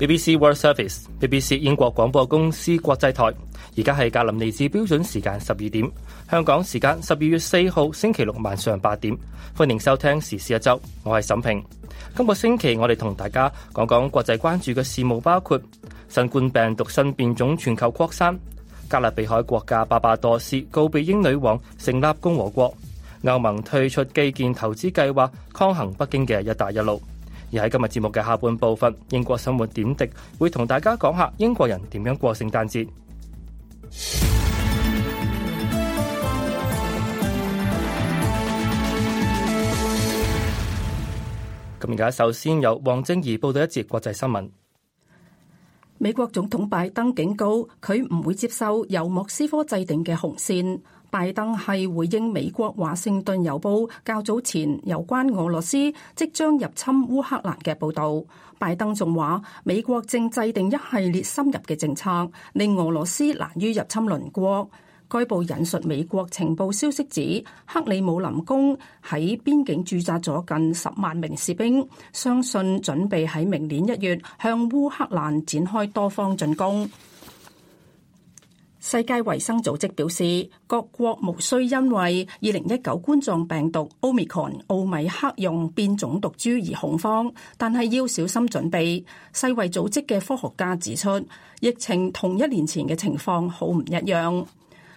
BBC World Service，BBC 英國廣播公司國際台。而家係格林尼治標準時間十二點，香港時間十二月四號星期六晚上八點。歡迎收聽時事一周，我係沈平。今個星期我哋同大家講講國際關注嘅事務，包括新冠病毒新變種全球擴散，加勒比海國家巴巴多斯告別英女王，成立共和國。歐盟推出基建投資計劃，抗衡北京嘅一帶一路。而喺今日節目嘅下半部分，英國生活點滴會同大家講下英國人點樣過聖誕節。咁而家首先由王晶怡報道一節國際新聞，美國總統拜登警告佢唔會接受由莫斯科制定嘅紅線。拜登係回應美國華盛頓郵報較早前有關俄羅斯即將入侵烏克蘭嘅報導。拜登仲話，美國正制定一系列深入嘅政策，令俄羅斯難於入侵鄰國。該報引述美國情報消息指，克里姆林宮喺邊境駐紮咗近十萬名士兵，相信準備喺明年一月向烏克蘭展開多方進攻。世界衛生組織表示，各國無需因為二零一九冠狀病毒 Omicron 奧米克戎變種毒株而恐慌，但係要小心準備。世衛組織嘅科學家指出，疫情同一年前嘅情況好唔一樣。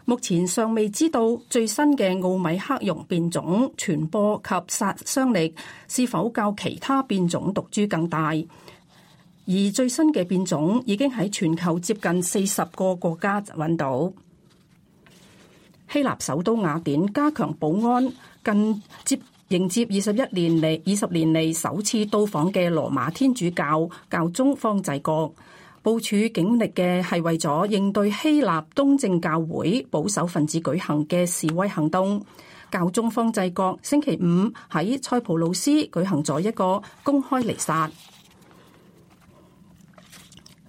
目前尚未知道最新嘅奧米克戎變種傳播及殺傷力是否較其他變種毒株更大。而最新嘅變種已經喺全球接近四十個國家揾到。希臘首都雅典加強保安，近接迎接二十一年嚟、二十年嚟首次到訪嘅羅馬天主教教宗方濟各，部署警力嘅係為咗應對希臘東正教會保守分子舉行嘅示威行動。教宗方濟各星期五喺塞浦路斯舉行咗一個公開彌撒。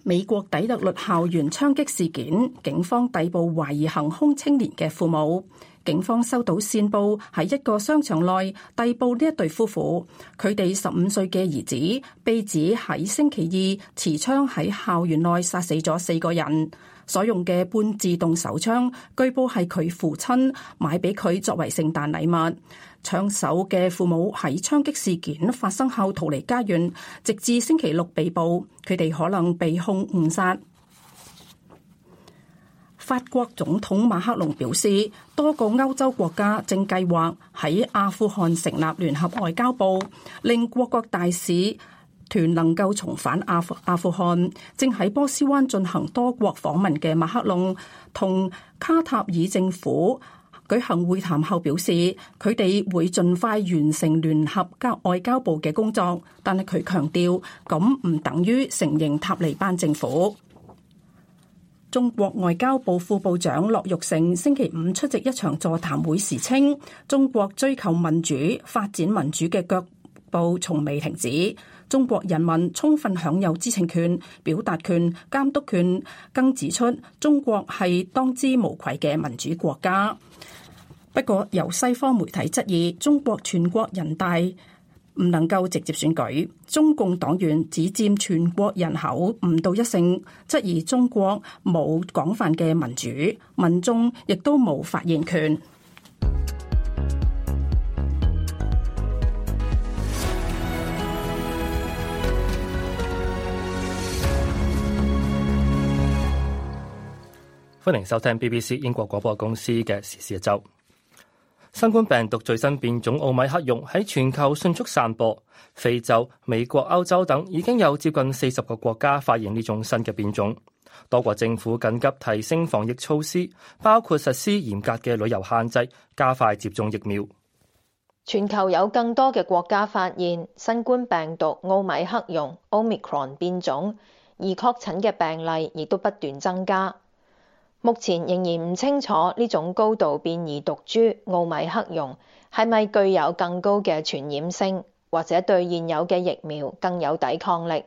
美國底特律校園槍擊事件，警方逮捕懷疑行凶青年嘅父母。警方收到線報，喺一個商場內逮捕呢一對夫婦。佢哋十五歲嘅兒子被指喺星期二持槍喺校園內殺死咗四個人。所用嘅半自動手槍，據報係佢父親買俾佢作為聖誕禮物。搶手嘅父母喺槍擊事件發生後逃離家園，直至星期六被捕。佢哋可能被控誤殺。法國總統馬克龍表示，多個歐洲國家正計劃喺阿富汗成立聯合外交部，令各國大使團能夠重返阿富，阿富汗，正喺波斯灣進行多國訪問嘅馬克龍同卡塔爾政府舉行會談後表示，佢哋會盡快完成聯合交外交部嘅工作。但係佢強調，咁唔等於承認塔利班政府。中國外交部副部長樂玉成星期五出席一場座談會時，稱中國追求民主、發展民主嘅腳步從未停止。中國人民充分享有知情權、表達權、監督權，更指出中國係當之無愧嘅民主國家。不過，由西方媒體質疑中國全國人大唔能夠直接選舉，中共黨員只佔全國人口唔到一成，質疑中國冇廣泛嘅民主，民眾亦都冇發言權。歡迎收聽 BBC 英國廣播公司嘅時事一周。新冠病毒最新變種奧米克戎喺全球迅速散播，非洲、美國、歐洲等已經有接近四十個國家發現呢種新嘅變種。多國政府緊急提升防疫措施，包括實施嚴格嘅旅遊限制，加快接種疫苗。全球有更多嘅國家發現新冠病毒奧米克戎 （Omicron） 變種，而確診嘅病例亦都不斷增加。目前仍然唔清楚呢種高度變異毒株奧米克戎係咪具有更高嘅傳染性，或者對現有嘅疫苗更有抵抗力。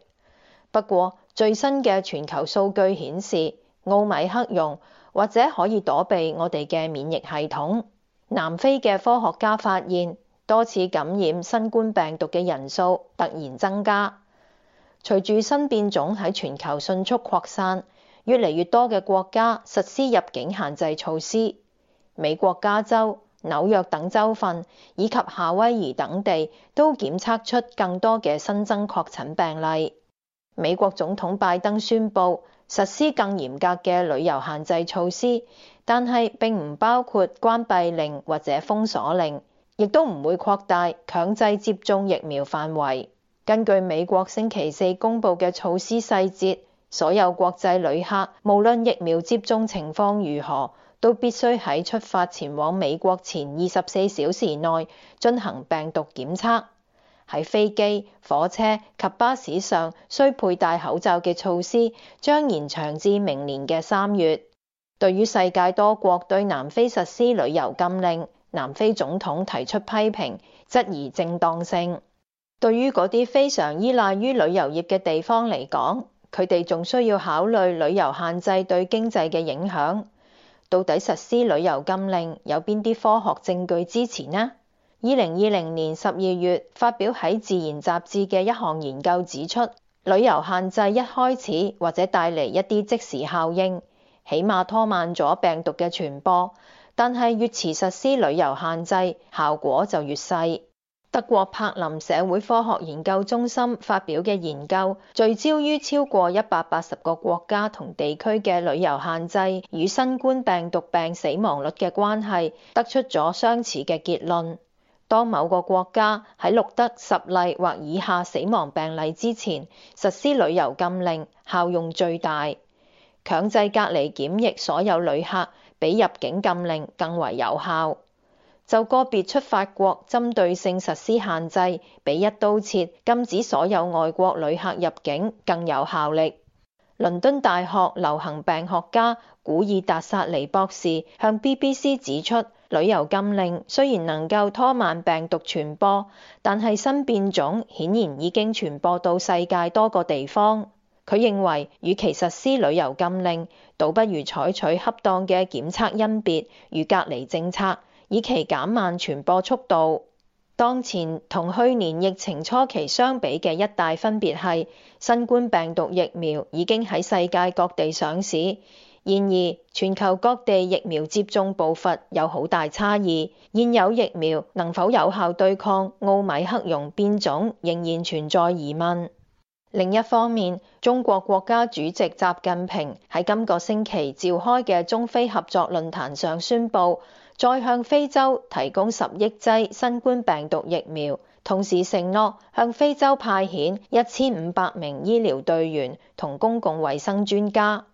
不過最新嘅全球數據顯示，奧米克戎或者可以躲避我哋嘅免疫系統，南非嘅科學家發現多次感染新冠病毒嘅人數突然增加，隨住新變種喺全球迅速擴散。越嚟越多嘅國家實施入境限制措施，美國加州、紐約等州份以及夏威夷等地都檢測出更多嘅新增確診病例。美國總統拜登宣布實施更嚴格嘅旅遊限制措施，但係並唔包括關閉令或者封鎖令，亦都唔會擴大強制接種疫苗範圍。根據美國星期四公布嘅措施細節。所有國際旅客，無論疫苗接種情況如何，都必須喺出發前往美國前二十四小時內進行病毒檢測。喺飛機、火車及巴士上需佩戴口罩嘅措施將延長至明年嘅三月。對於世界多國對南非實施旅遊禁令，南非總統提出批評，質疑正當性。對於嗰啲非常依賴於旅遊業嘅地方嚟講，佢哋仲需要考慮旅遊限制對經濟嘅影響，到底實施旅遊禁令有邊啲科學證據支持呢？二零二零年十二月發表喺《自然》雜誌嘅一項研究指出，旅遊限制一開始或者帶嚟一啲即時效應，起碼拖慢咗病毒嘅傳播，但係越遲實施旅遊限制，效果就越細。德國柏林社會科學研究中心發表嘅研究，聚焦於超過一百八十個國家同地區嘅旅遊限制與新冠病毒病死亡率嘅關係，得出咗相似嘅結論。當某個國家喺錄得十例或以下死亡病例之前，實施旅遊禁令，效用最大。強制隔離檢疫所有旅客，比入境禁令更為有效。就個別出發國針對性實施限製，比一刀切禁止所有外國旅客入境更有效力。倫敦大學流行病學家古爾達薩尼博士向 BBC 指出，旅遊禁令雖然能夠拖慢病毒傳播，但係新變種顯然已經傳播到世界多個地方。佢認為，與其實施旅遊禁令，倒不如採取恰當嘅檢測甄別與隔離政策。以期減慢傳播速度，當前同去年疫情初期相比嘅一大分別係，新冠病毒疫苗已經喺世界各地上市。然而，全球各地疫苗接種步伐有好大差異，現有疫苗能否有效對抗奧米克戎變種，仍然存在疑問。另一方面，中國國家主席習近平喺今個星期召開嘅中非合作論壇上宣布。再向非洲提供十億劑新冠病毒疫苗，同時承諾向非洲派遣一千五百名醫療隊員同公共衛生專家。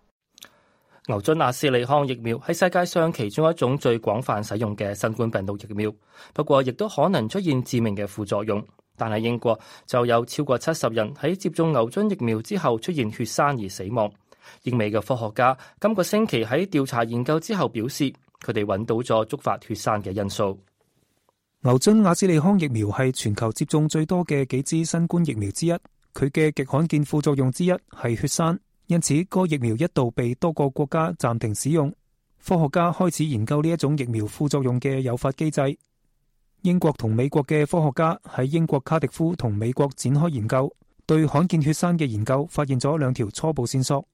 牛津阿斯利康疫苗喺世界上其中一種最廣泛使用嘅新冠病毒疫苗，不過亦都可能出現致命嘅副作用。但係英國就有超過七十人喺接種牛津疫苗之後出現血栓而死亡。英美嘅科學家今個星期喺調查研究之後表示，佢哋揾到咗觸發血栓嘅因素。牛津阿斯利康疫苗係全球接種最多嘅幾支新冠疫苗之一，佢嘅極罕見副作用之一係血栓，因此該疫苗一度被多個國家暫停使用。科學家開始研究呢一種疫苗副作用嘅誘發機制。英國同美國嘅科學家喺英國卡迪夫同美國展開研究，對罕見血栓嘅研究發現咗兩條初步線索。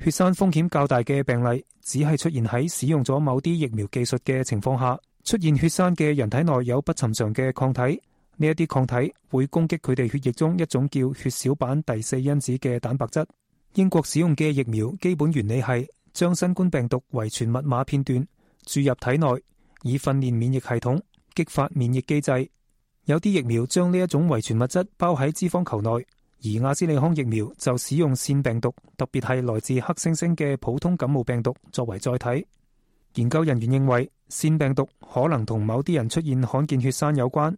血栓風險較大嘅病例，只係出現喺使用咗某啲疫苗技術嘅情況下，出現血栓嘅人體內有不尋常嘅抗體。呢一啲抗體會攻擊佢哋血液中一種叫血小板第四因子嘅蛋白質。英國使用嘅疫苗基本原理係將新冠病毒遺傳密碼片段注入體內，以訓練免疫系統，激發免疫機制。有啲疫苗將呢一種遺傳物質包喺脂肪球內。而阿斯利康疫苗就使用腺病毒，特別係來自黑猩猩嘅普通感冒病毒作為載體。研究人員認為腺病毒可能同某啲人出現罕見血栓有關。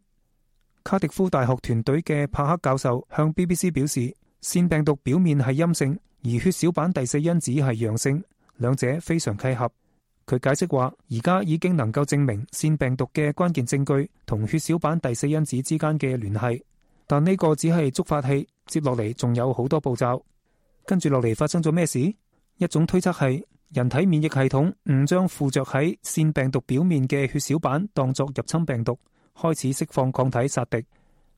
卡迪夫大學團隊嘅帕克教授向 BBC 表示，腺病毒表面係陰性，而血小板第四因子係陽性，兩者非常契合。佢解釋話，而家已經能夠證明腺病毒嘅關鍵證據同血小板第四因子之間嘅聯繫，但呢個只係觸發器。接落嚟仲有好多步驟，跟住落嚟發生咗咩事？一種推測係人體免疫系統唔將附着喺腺病毒表面嘅血小板當作入侵病毒，開始釋放抗體殺敵。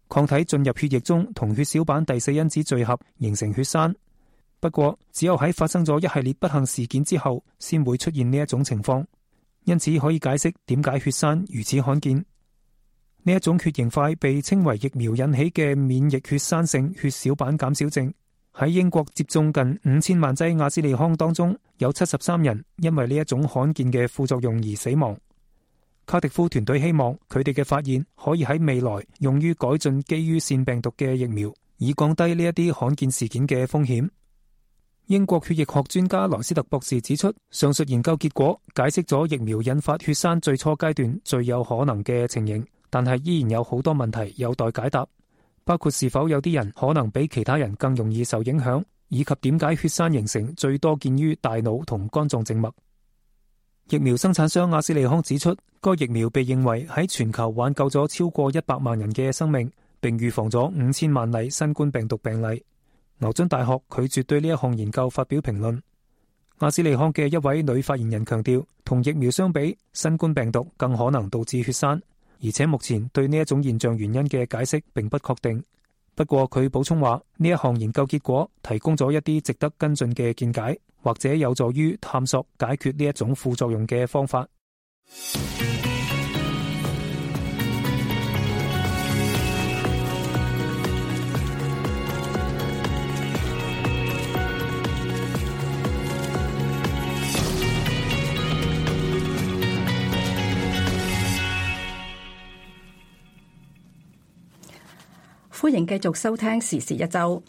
抗體進入血液中，同血小板第四因子聚合形成血栓。不過只有喺發生咗一系列不幸事件之後，先會出現呢一種情況。因此可以解釋點解血栓如此罕見。呢一種血型塊被稱為疫苗引起嘅免疫血栓性血小板減少症。喺英國接種近五千萬劑阿斯利康當中，有七十三人因為呢一種罕見嘅副作用而死亡。卡迪夫團隊希望佢哋嘅發現可以喺未來用於改進基於腺病毒嘅疫苗，以降低呢一啲罕見事件嘅風險。英國血液學專家萊斯特博士指出，上述研究結果解釋咗疫苗引發血栓最初階段最有可能嘅情形。但係依然有好多問題有待解答，包括是否有啲人可能比其他人更容易受影響，以及點解血栓形成最多見於大腦同肝臟靜脈。疫苗生產商阿斯利康指出，該疫苗被認為喺全球挽救咗超過一百萬人嘅生命，並預防咗五千萬例新冠病毒病例。牛津大學拒絕對呢一項研究發表評論。阿斯利康嘅一位女發言人強調，同疫苗相比，新冠病毒更可能導致血栓。而且目前對呢一種現象原因嘅解釋並不確定。不過佢補充話，呢一項研究結果提供咗一啲值得跟進嘅見解，或者有助於探索解決呢一種副作用嘅方法。歡迎繼續收聽時事一周。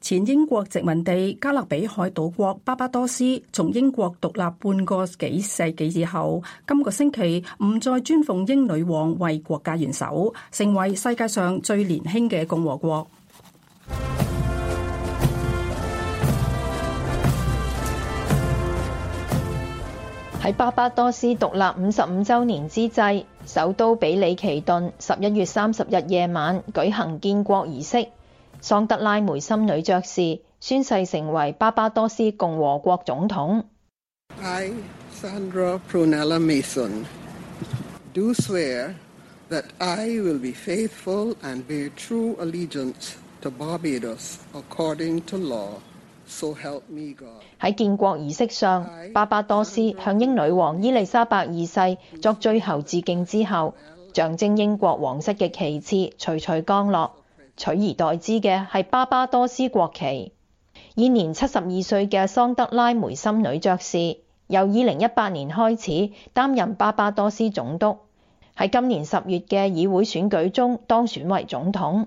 前英國殖民地加勒比海島國巴巴多斯從英國獨立半個幾世紀之後，今個星期唔再尊奉英女王為國家元首，成為世界上最年輕嘅共和國。喺巴巴多斯獨立五十五周年之際。首都比里奇頓十一月三十日夜晚舉行建國儀式。桑德拉梅森女爵士宣誓成為巴巴多斯共和國總統。 I, I s 喺建國儀式上，巴巴多斯向英女王伊麗莎白二世作最後致敬之後，象徵英國皇室嘅旗幟徐徐降落，取而代之嘅係巴巴多斯國旗。現年七十二歲嘅桑德拉梅森女爵士，由二零一八年開始擔任巴巴多斯總督，喺今年十月嘅議會選舉中當選為總統。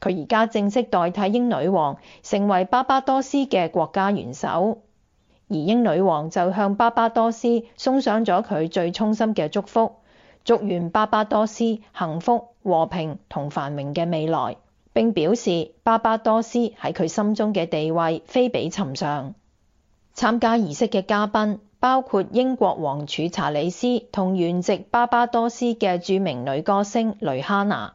佢而家正式代替英女王，成為巴巴多斯嘅國家元首，而英女王就向巴巴多斯送上咗佢最衷心嘅祝福，祝願巴巴多斯幸福、和平同繁榮嘅未來，並表示巴巴多斯喺佢心中嘅地位非比尋常。參加儀式嘅嘉賓包括英國王儲查理斯同原籍巴巴多斯嘅著名女歌星蕾哈娜。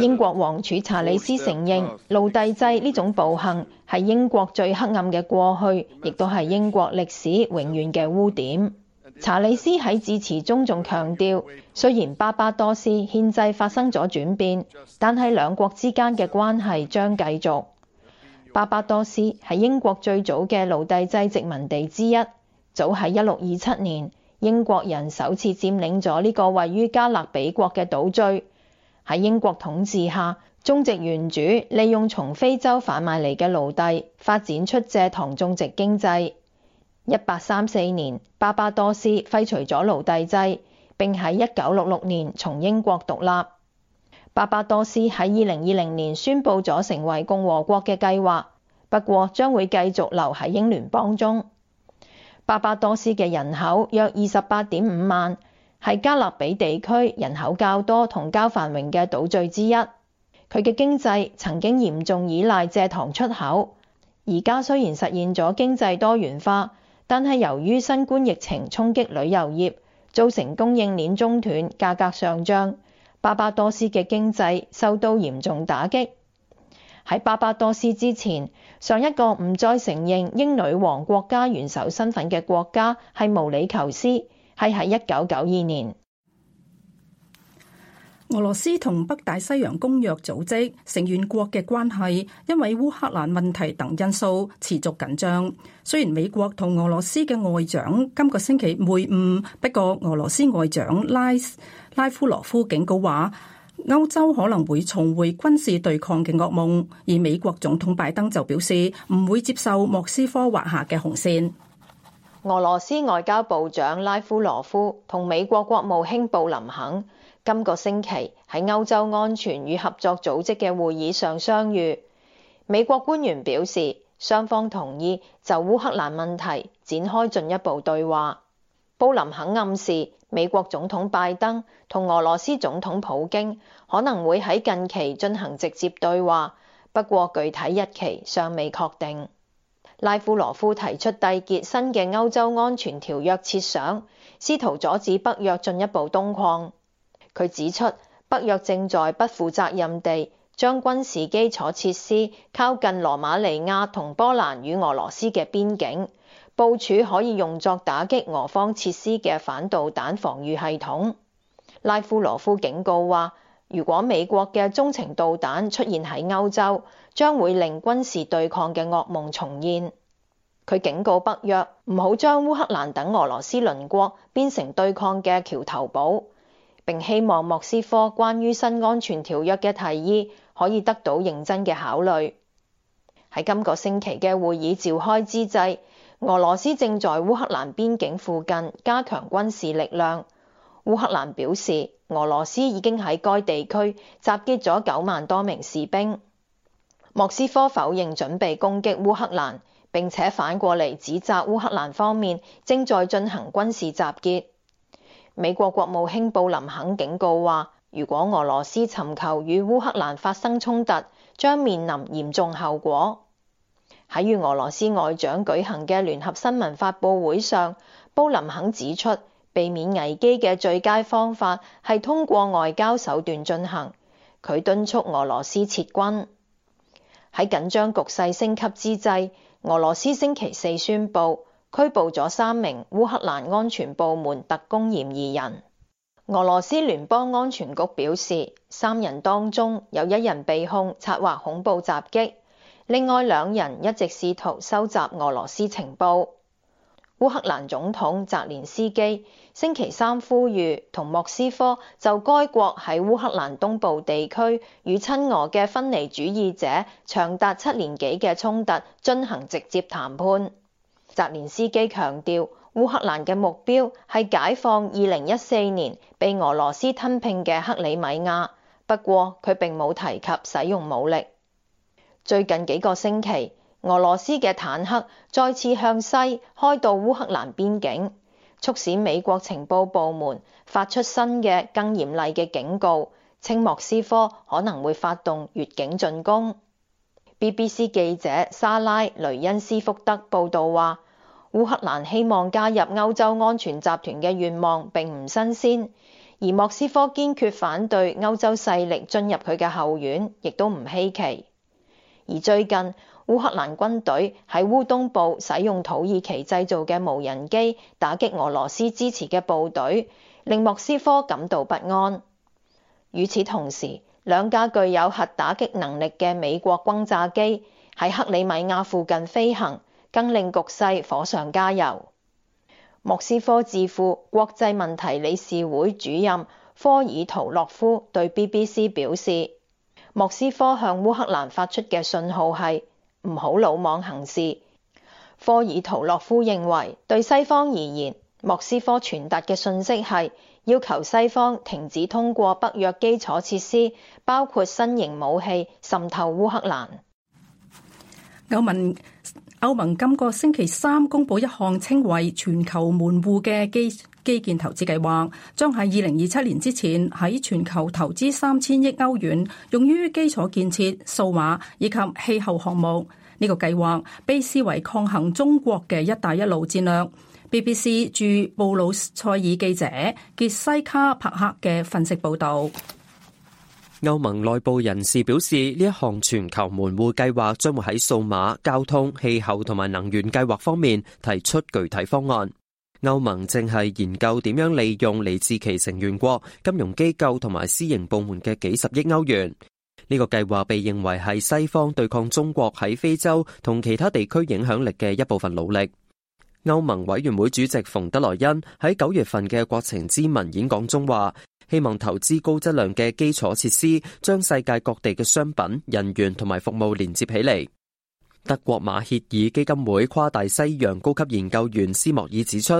英國王儲查理斯承認奴隸制呢種暴行係英國最黑暗嘅過去，亦都係英國歷史永遠嘅污點。查理斯喺致辭中仲強調，雖然巴巴多斯憲制發生咗轉變，但係兩國之間嘅關係將繼續。巴巴多斯係英國最早嘅奴隸制殖民地之一，早喺一六二七年英國人首次佔領咗呢個位於加勒比國嘅島嶼。喺英國統治下，種植園主利用從非洲販賣嚟嘅奴隸，發展出蔗糖種植經濟。一八三四年，巴巴多斯廢除咗奴隸制，並喺一九六六年從英國獨立。巴巴多斯喺二零二零年宣佈咗成為共和國嘅計劃，不過將會繼續留喺英聯邦中。巴巴多斯嘅人口約二十八點五萬。係加勒比地區人口較多同較繁榮嘅島嶼之一。佢嘅經濟曾經嚴重依賴蔗糖出口，而家雖然實現咗經濟多元化，但係由於新冠疫情衝擊旅遊業，造成供應鏈中斷、價格上漲，巴巴多斯嘅經濟受到嚴重打擊。喺巴巴多斯之前，上一個唔再承認英女王國家元首身份嘅國家係毛里求斯。係喺一九九二年，俄羅斯同北大西洋公約組織成員國嘅關係，因為烏克蘭問題等因素持續緊張。雖然美國同俄羅斯嘅外長今個星期會晤，不過俄羅斯外長拉拉夫羅夫警告話，歐洲可能會重回軍事對抗嘅噩夢。而美國總統拜登就表示唔會接受莫斯科劃下嘅紅線。俄羅斯外交部長拉夫羅夫同美國國務卿布林肯今個星期喺歐洲安全與合作組織嘅會議上相遇。美國官員表示，雙方同意就烏克蘭問題展開進一步對話。布林肯暗示，美國總統拜登同俄羅斯總統普京可能會喺近期進行直接對話，不過具體日期尚未確定。拉夫羅夫提出締結新嘅歐洲安全條約設想，試圖阻止北約進一步東擴。佢指出，北約正在不負責任地將軍事基礎設施靠近羅馬尼亞同波蘭與俄羅斯嘅邊境，部署可以用作打擊俄方設施嘅反導彈防禦系統。拉夫羅夫警告話，如果美國嘅中程導彈出現喺歐洲，將會令軍事對抗嘅噩夢重現。佢警告北約唔好將烏克蘭等俄羅斯鄰國變成對抗嘅橋頭堡，並希望莫斯科關於新安全條約嘅提議可以得到認真嘅考慮。喺今個星期嘅會議召開之際，俄羅斯正在烏克蘭邊境附近加強軍事力量。烏克蘭表示，俄羅斯已經喺該地區集結咗九萬多名士兵。莫斯科否認準備攻擊烏克蘭，並且反過嚟指責烏克蘭方面正在進行軍事集結。美國國務卿布林肯警告話，如果俄羅斯尋求與烏克蘭發生衝突，將面臨嚴重後果。喺與俄羅斯外長舉行嘅聯合新聞發布會上，布林肯指出，避免危機嘅最佳方法係通過外交手段進行。佢敦促俄羅斯撤軍。喺緊張局勢升級之際，俄羅斯星期四宣布拘捕咗三名烏克蘭安全部門特工嫌疑人。俄羅斯聯邦安全局表示，三人當中有一人被控策劃恐怖襲擊，另外兩人一直試圖收集俄羅斯情報。烏克蘭總統澤連斯基星期三呼籲同莫斯科就該國喺烏克蘭東部地區與親俄嘅分離主義者長達七年幾嘅衝突進行直接談判。澤連斯基強調，烏克蘭嘅目標係解放二零一四年被俄羅斯吞併嘅克里米亞，不過佢並冇提及使用武力。最近幾個星期，俄羅斯嘅坦克再次向西開到烏克蘭邊境，促使美國情報部門發出新嘅更嚴厲嘅警告，稱莫斯科可能會發動越境進攻。BBC 記者莎拉·雷恩斯福德報道話，烏克蘭希望加入歐洲安全集團嘅願望並唔新鮮，而莫斯科堅決反對歐洲勢力進入佢嘅後院，亦都唔稀奇。而最近。烏克蘭軍隊喺烏東部使用土耳其製造嘅無人機打擊俄羅斯支持嘅部隊，令莫斯科感到不安。與此同時，兩架具有核打擊能力嘅美國轟炸機喺克里米亞附近飛行，更令局勢火上加油。莫斯科智庫國際問題理事會主任科爾圖洛夫對 BBC 表示，莫斯科向烏克蘭發出嘅信號係。唔好魯莽行事。科爾圖洛夫認為，對西方而言，莫斯科傳達嘅訊息係要求西方停止通過北約基礎設施，包括新型武器滲透烏克蘭。歐文。歐盟今個星期三公布一項稱為全球門戶嘅基基建投資計劃，將喺二零二七年之前喺全球投資三千億歐元，用於基礎建設、數碼以及氣候項目。呢、這個計劃被視為抗衡中國嘅“一帶一路”戰略。BBC 駐布魯塞爾記者傑西卡帕克嘅分析報道。歐盟內部人士表示，呢一項全球門戶計劃將會喺數碼、交通、氣候同埋能源計劃方面提出具體方案。歐盟正係研究點樣利用嚟自其成員國、金融機構同埋私營部門嘅幾十億歐元。呢個計劃被認為係西方對抗中國喺非洲同其他地區影響力嘅一部分努力。歐盟委員會主席馮德萊恩喺九月份嘅國情咨文演講中話。希望投資高質量嘅基礎設施，將世界各地嘅商品、人員同埋服務連接起嚟。德國馬歇爾基金會跨大西洋高級研究員斯莫爾指出，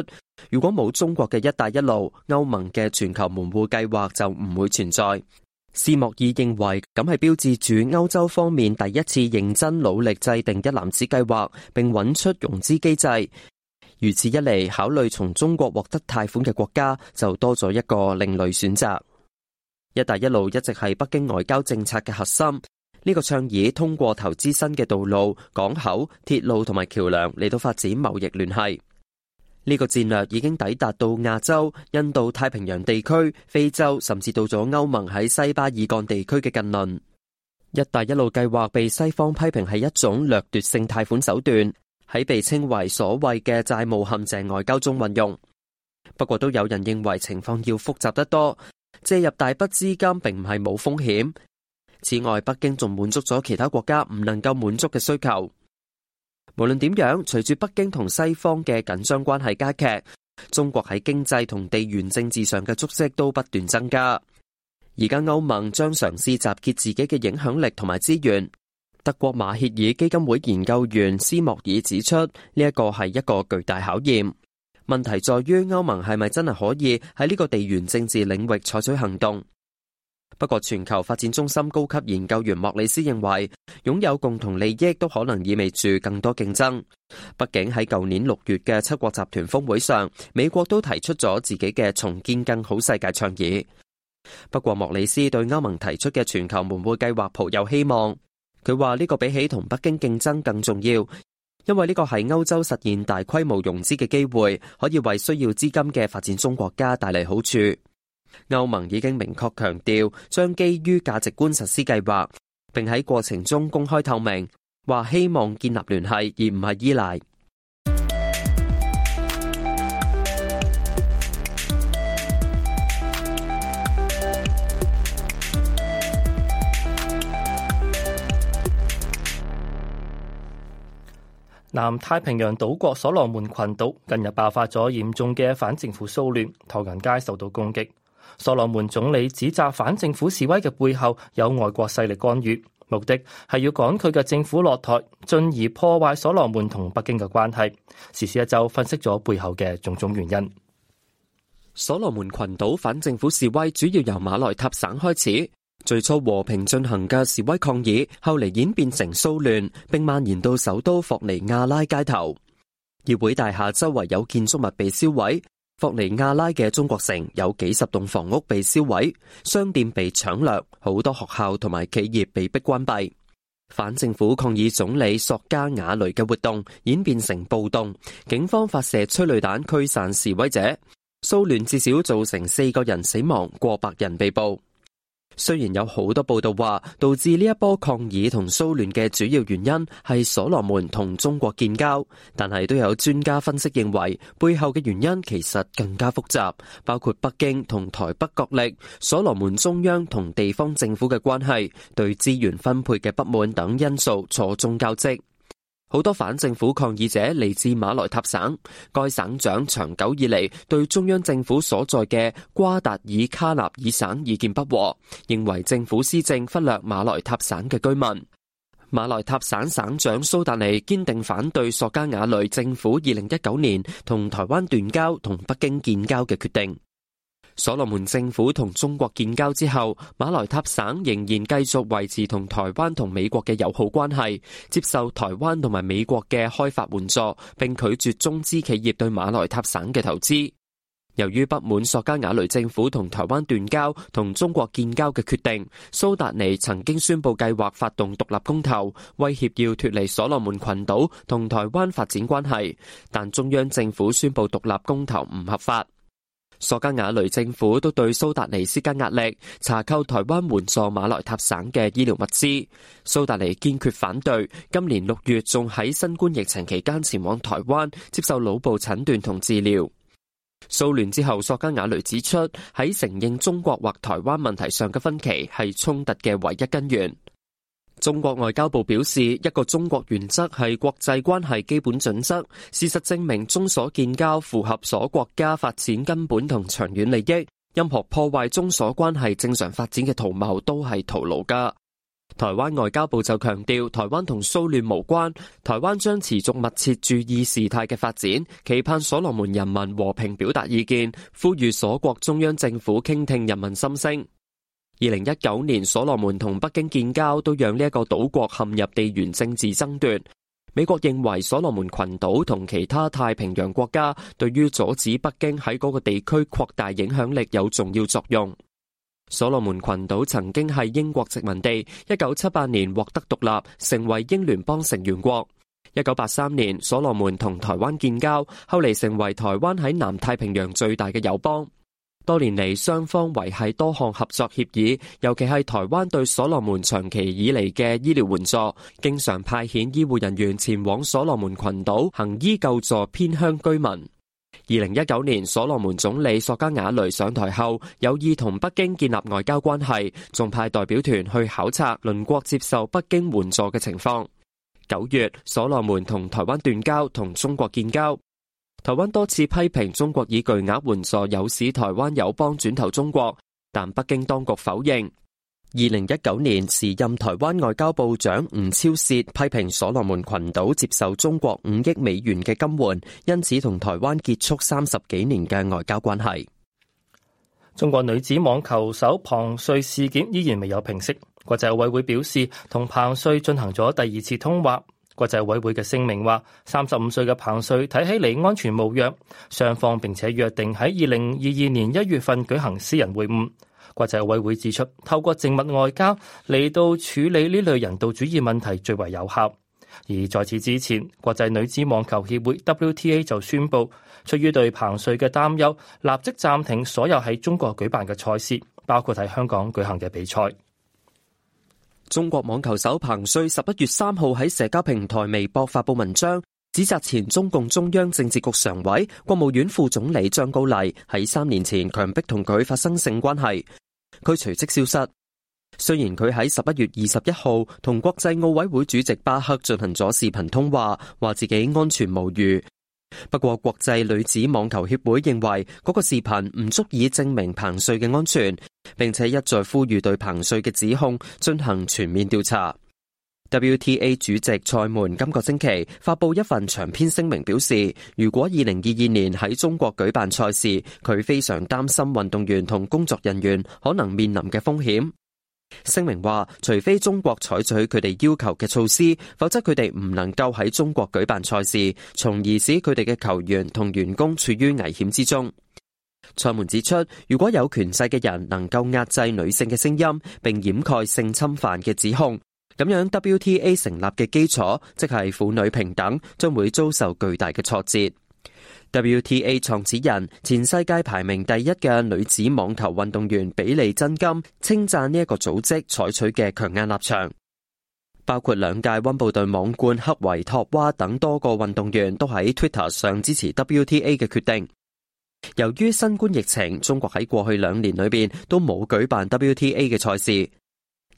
如果冇中國嘅一帶一路，歐盟嘅全球門戶計劃就唔會存在。斯莫爾認為，咁係標誌住歐洲方面第一次認真努力制定一籃子計劃，並揾出融資機制。如此一嚟，考慮從中國獲得貸款嘅國家就多咗一個另類選擇。一帶一路一直係北京外交政策嘅核心。呢個倡議通過投資新嘅道路、港口、鐵路同埋橋梁嚟到發展貿易聯繫。呢個戰略已經抵達到亞洲、印度太平洋地區、非洲，甚至到咗歐盟喺西巴爾幹地區嘅近鄰。一帶一路計劃被西方批評係一種掠奪性貸款手段。喺被稱為所謂嘅債務陷阱外交中運用，不過都有人認為情況要複雜得多。借入大筆資金並唔係冇風險。此外，北京仲滿足咗其他國家唔能夠滿足嘅需求。無論點樣，隨住北京同西方嘅緊張關係加劇，中國喺經濟同地緣政治上嘅足跡都不斷增加。而家歐盟將嘗試集結自己嘅影響力同埋資源。德國馬歇爾基金會研究員斯莫爾指出，呢一個係一個巨大考驗。問題在於歐盟係咪真係可以喺呢個地緣政治領域採取行動？不過全球發展中心高級研究員莫里斯認為，擁有共同利益都可能意味住更多競爭。畢竟喺舊年六月嘅七國集團峰會上，美國都提出咗自己嘅重建更好世界倡議。不過莫里斯對歐盟提出嘅全球門戶計劃抱有希望。佢話：呢個比起同北京競爭更重要，因為呢個係歐洲實現大規模融資嘅機會，可以為需要資金嘅發展中國家帶嚟好處。歐盟已經明確強調，將基於價值觀實施計劃，並喺過程中公開透明，話希望建立聯繫而唔係依賴。南太平洋島國所羅門群島近日爆發咗嚴重嘅反政府騷亂，唐人街受到攻擊。所羅門總理指責反政府示威嘅背後有外國勢力干預，目的係要趕佢嘅政府落台，進而破壞所羅門同北京嘅關係。時事一周分析咗背後嘅種種原因。所羅門群島反政府示威主要由馬來塔省開始。最初和平進行嘅示威抗議，後嚟演變成騷亂，並蔓延到首都霍尼亞拉街頭。議會大廈周圍有建築物被燒毀，霍尼亞拉嘅中國城有幾十棟房屋被燒毀，商店被搶掠，好多學校同埋企業被逼關閉。反政府抗議總理索加瓦雷嘅活動演變成暴動，警方發射催淚彈驅散示威者。騷亂至少造成四個人死亡，過百人被捕。雖然有好多報道話，導致呢一波抗議同騷亂嘅主要原因係所羅門同中國建交，但係都有專家分析認為，背後嘅原因其實更加複雜，包括北京同台北角力、所羅門中央同地方政府嘅關係、對資源分配嘅不滿等因素錯綜交織。好多反政府抗議者嚟自馬來塔省，該省長長久以嚟對中央政府所在嘅瓜達爾卡納爾省意見不和，認為政府施政忽略馬來塔省嘅居民。馬來塔省省長蘇達尼堅定反對索加瓦雷政府二零一九年同台灣斷交、同北京建交嘅決定。所羅門政府同中國建交之後，馬來塔省仍然繼續維持同台灣同美國嘅友好關係，接受台灣同埋美國嘅開發援助，並拒絕中資企業對馬來塔省嘅投資。由於不滿索加瓦雷政府同台灣斷交、同中國建交嘅決定，蘇達尼曾經宣佈計劃發動獨立公投，威脅要脫離所羅門群島同台灣發展關係。但中央政府宣佈獨立公投唔合法。索加瓦雷政府都對蘇達尼施加壓力，查扣台灣援助馬來塔省嘅醫療物資。蘇達尼堅決反對，今年六月仲喺新冠疫情期間前往台灣接受腦部診斷同治療。數年之後，索加瓦雷指出喺承認中國或台灣問題上嘅分歧係衝突嘅唯一根源。中國外交部表示，一個中國原則係國際關係基本準則。事實證明，中所建交符合所國家發展根本同長遠利益。任何破壞中所關係正常發展嘅圖謀都係徒勞噶。台灣外交部就強調，台灣同騷亂無關。台灣將持續密切注意事態嘅發展，期盼所羅門人民和平表達意見，呼籲所國中央政府傾聽人民心聲。二零一九年，所羅門同北京建交，都讓呢一個島國陷入地緣政治爭奪。美國認為，所羅門群島同其他太平洋國家，對於阻止北京喺嗰個地區擴大影響力有重要作用。所羅門群島曾經係英國殖民地，一九七八年獲得獨立，成為英聯邦成員國。一九八三年，所羅門同台灣建交，後嚟成為台灣喺南太平洋最大嘅友邦。多年嚟，雙方維繫多項合作協議，尤其係台灣對所羅門長期以嚟嘅醫療援助，經常派遣醫護人員前往所羅門群島行醫救助偏鄉居民。二零一九年，所羅門總理索加瓦雷上台後有意同北京建立外交關係，仲派代表團去考察鄰國接受北京援助嘅情況。九月，所羅門同台灣斷交，同中國建交。台灣多次批評中國以巨額援助誘使台灣友邦轉投中國，但北京當局否認。二零一九年，時任台灣外交部長吳釗燮批評所羅門群島接受中國五億美元嘅金援，因此同台灣結束三十幾年嘅外交關係。中國女子網球手彭帥事件依然未有平息，國際奧委會表示同彭帥進行咗第二次通話。國際委會嘅聲明話，三十五歲嘅彭帥睇起嚟安全無恙，上方並且約定喺二零二二年一月份舉行私人會晤。國際委會指出，透過靜默外交嚟到處理呢類人道主義問題最為有效。而在此之前，國際女子網球協會 WTA 就宣布，出於對彭帥嘅擔憂，立即暫停所有喺中國舉辦嘅賽事，包括喺香港舉行嘅比賽。中國網球手彭帥十一月三號喺社交平台微博發布文章，指責前中共中央政治局常委、國務院副總理張高麗喺三年前強迫同佢發生性關係。佢隨即消失。雖然佢喺十一月二十一號同國際奧委會主席巴赫進行咗視頻通話，話自己安全無虞。不過，國際女子網球協會認為嗰個視頻唔足以證明彭帥嘅安全，並且一再呼籲對彭帥嘅指控進行全面調查。WTA 主席蔡門今個星期發布一份長篇聲明，表示如果二零二二年喺中國舉辦賽事，佢非常擔心運動員同工作人員可能面臨嘅風險。聲明話，除非中國採取佢哋要求嘅措施，否則佢哋唔能夠喺中國舉辦賽事，從而使佢哋嘅球員同員工處於危險之中。賽門指出，如果有權勢嘅人能夠壓制女性嘅聲音，並掩蓋性侵犯嘅指控，咁樣 WTA 成立嘅基礎，即係婦女平等，將會遭受巨大嘅挫折。WTA 創始人、前世界排名第一嘅女子網球運動員比利·珍金稱讚呢一個組織採取嘅強硬立場，包括兩屆溫布頓網冠克維托娃等多個運動員都喺 Twitter 上支持 WTA 嘅決定。由於新冠疫情，中國喺過去兩年裏邊都冇舉辦 WTA 嘅賽事。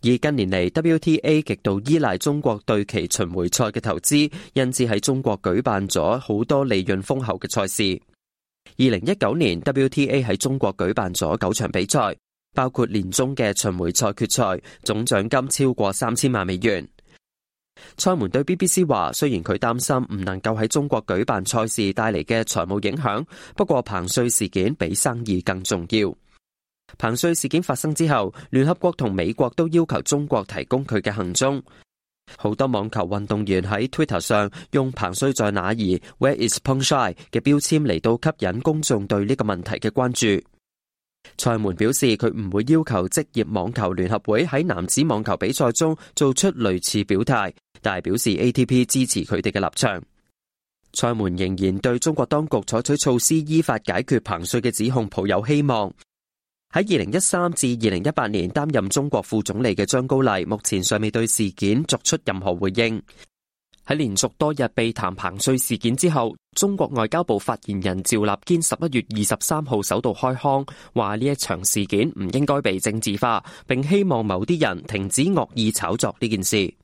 而近年嚟，WTA 極度依賴中國對其巡迴賽嘅投資，因此喺中國舉辦咗好多利潤豐厚嘅賽事。二零一九年，WTA 喺中國舉辦咗九場比賽，包括年終嘅巡迴賽決賽，總獎金超過三千萬美元。蔡門對 BBC 話，雖然佢擔心唔能夠喺中國舉辦賽事帶嚟嘅財務影響，不過彭帥事件比生意更重要。彭帥事件發生之後，聯合國同美國都要求中國提供佢嘅行蹤。好多網球運動員喺 Twitter 上用彭帥在哪兒 （Where is Peng Shuai） 嘅標籤嚟到吸引公眾對呢個問題嘅關注。賽門表示佢唔會要求職業網球聯合會喺男子網球比賽中做出類似表態，但係表示 ATP 支持佢哋嘅立場。賽門仍然對中國當局採取措施、依法解決彭帥嘅指控抱有希望。喺二零一三至二零一八年擔任中國副總理嘅張高麗，目前尚未對事件作出任何回應。喺連續多日被談彭帥事件之後，中國外交部發言人趙立堅十一月二十三號首度開腔，話呢一場事件唔應該被政治化，並希望某啲人停止惡意炒作呢件事。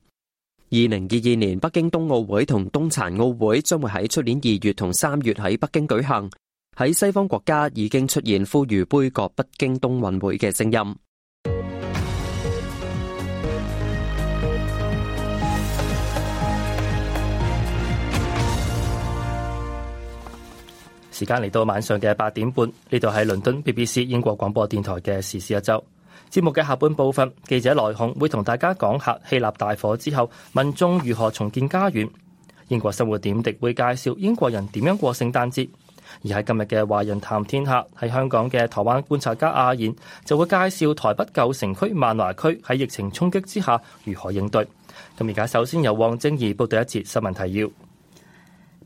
二零二二年北京冬奧會同冬殘奧會將會喺出年二月同三月喺北京舉行。喺西方國家已經出現呼籲杯葛北京冬運會嘅聲音。時間嚟到晚上嘅八點半，呢度係倫敦 BBC 英國廣播電台嘅時事一週節目嘅下半部分，記者來鴻會同大家講下希臘大火之後民眾如何重建家園。英國生活點滴會介紹英國人點樣過聖誕節。而喺今日嘅《華人談天下》，喺香港嘅台灣觀察家阿燕就會介紹台北舊城區萬華區喺疫情衝擊之下如何應對。咁而家首先由汪晶怡報道一次新聞提要。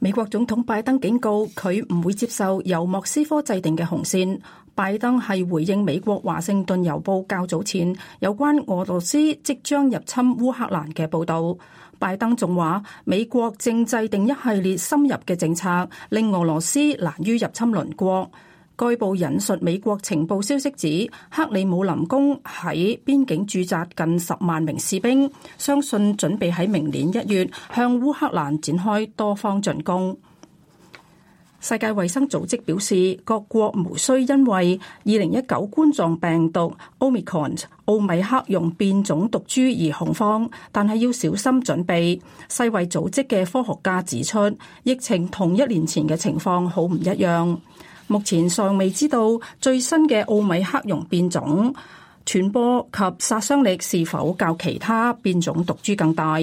美國總統拜登警告佢唔會接受由莫斯科制定嘅紅線。拜登係回應美國華盛頓郵報較早前有關俄羅斯即將入侵烏克蘭嘅報導，拜登仲話美國正制定一系列深入嘅政策，令俄羅斯難於入侵鄰國。該報引述美國情報消息指，克里姆林宮喺邊境駐紮近十萬名士兵，相信準備喺明年一月向烏克蘭展開多方進攻。世界衛生組織表示，各國無需因為二零一九冠狀病毒 Omicron 奧米克戎變種毒株而恐慌，但係要小心準備。世衛組織嘅科學家指出，疫情同一年前嘅情況好唔一樣，目前尚未知道最新嘅奧米克戎變種。傳播及殺傷力是否較其他變種毒株更大？而